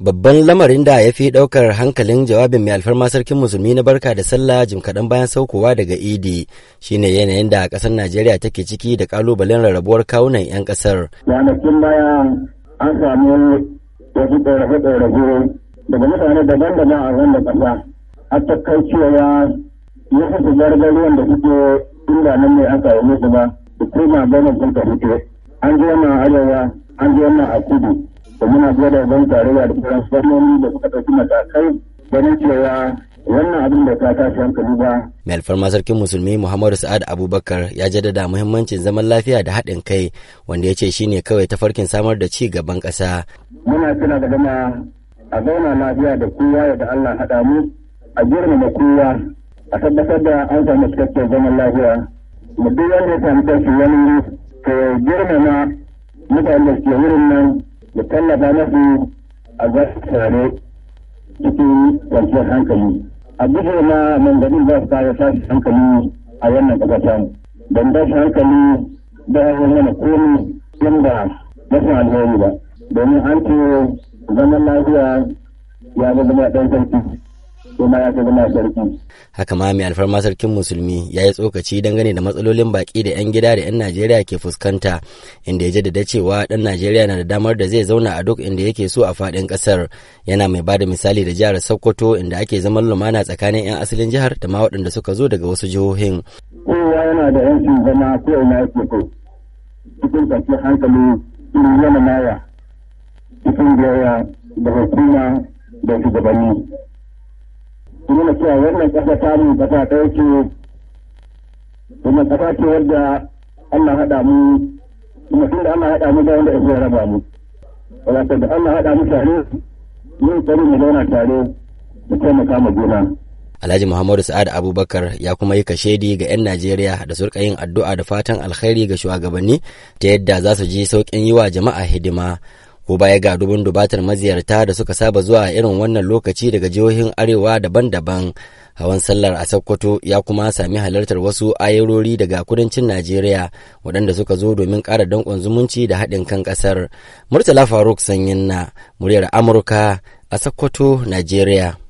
Babban lamarin da ya fi ɗaukar hankalin jawabin mai alfarma sarkin musulmi na barka da sallah jim kaɗan bayan saukowa daga idi shine yanayin da ƙasar Najeriya take ciki da ƙalubalen rarrabuwar kawunan 'yan ƙasar. Kwanakin baya an samu wasu ɗaurafe-ɗaurafe daga mutane daban-daban a wanda ƙasa. A takkai cewa ya fi gargaruwan da suke inda nan ne an samu musu ba da kuma gwamnatin ta fito. An je ma arewa, an je ma a kudu. da muna da ban tarayya da kuma sanoni da suka ɗauki matakai ganin cewa wannan abin da ta tashi hankali ba. Mai alfarma sarkin musulmi Muhammadu Sa'ad Abubakar ya jaddada muhimmancin zaman lafiya da haɗin kai wanda ya ce shi ne kawai ta farkin samar da ci gaban ƙasa. Muna kira ga dama a zauna lafiya da kowa ya da Allah haɗa mu a girmama kowa a tabbatar da an samu cikakken zaman lafiya. Mu duk wanda ya samu kansu wani to girmama mutanen da ke wurin nan ya tallafa su a za tare cikin kwanciyar hankali a ma na mangarin za su kawo tashi hankali a wannan kasashen samu don tashi hankali da yawon mana komi inda rashin alheri ba domin an ce zaman lafiya ya zama ɗan sarki sarki. Haka ma mai alfarma sarkin musulmi ya yi tsokaci dangane da matsalolin baki da 'yan gida da 'yan Najeriya ke fuskanta inda ya da cewa ɗan Najeriya na da damar da zai zauna a duk inda yake so a faɗin ƙasar. Yana mai bada misali da jihar Sokoto inda ake zaman lumana tsakanin 'yan asalin jihar da ma waɗanda suka zo daga wasu jihohin. Kowa yana da 'yancin zama ko ina yake so. Cikin hankali irin yana maya. Cikin biyayya da hukuma da shugabanni. cewa wannan ƙasa ta mu ƙasa ta yake kuma ƙasa ce wadda Allah haɗa mu kuma tun Allah haɗa mu da wanda ya raba mu wadatar da Allah haɗa mu tare mun tsari mu zauna tare mu taimaka ma juna Alhaji Muhammadu Sa'ad Abubakar ya kuma yi kashedi ga 'yan Najeriya da surka yin addu'a da fatan alkhairi ga shugabanni ta yadda za su ji sauƙin yi wa jama'a hidima. ko baya ga dubin dubatar maziyarta da suka saba zuwa irin wannan lokaci daga jihohin arewa daban-daban hawan sallar a sokoto ya kuma sami halartar wasu ayarori daga kudancin najeriya waɗanda suka zo domin ƙara danƙon zumunci da haɗin kan ƙasar murtala faruk sanyin na muryar amurka a sokoto najeriya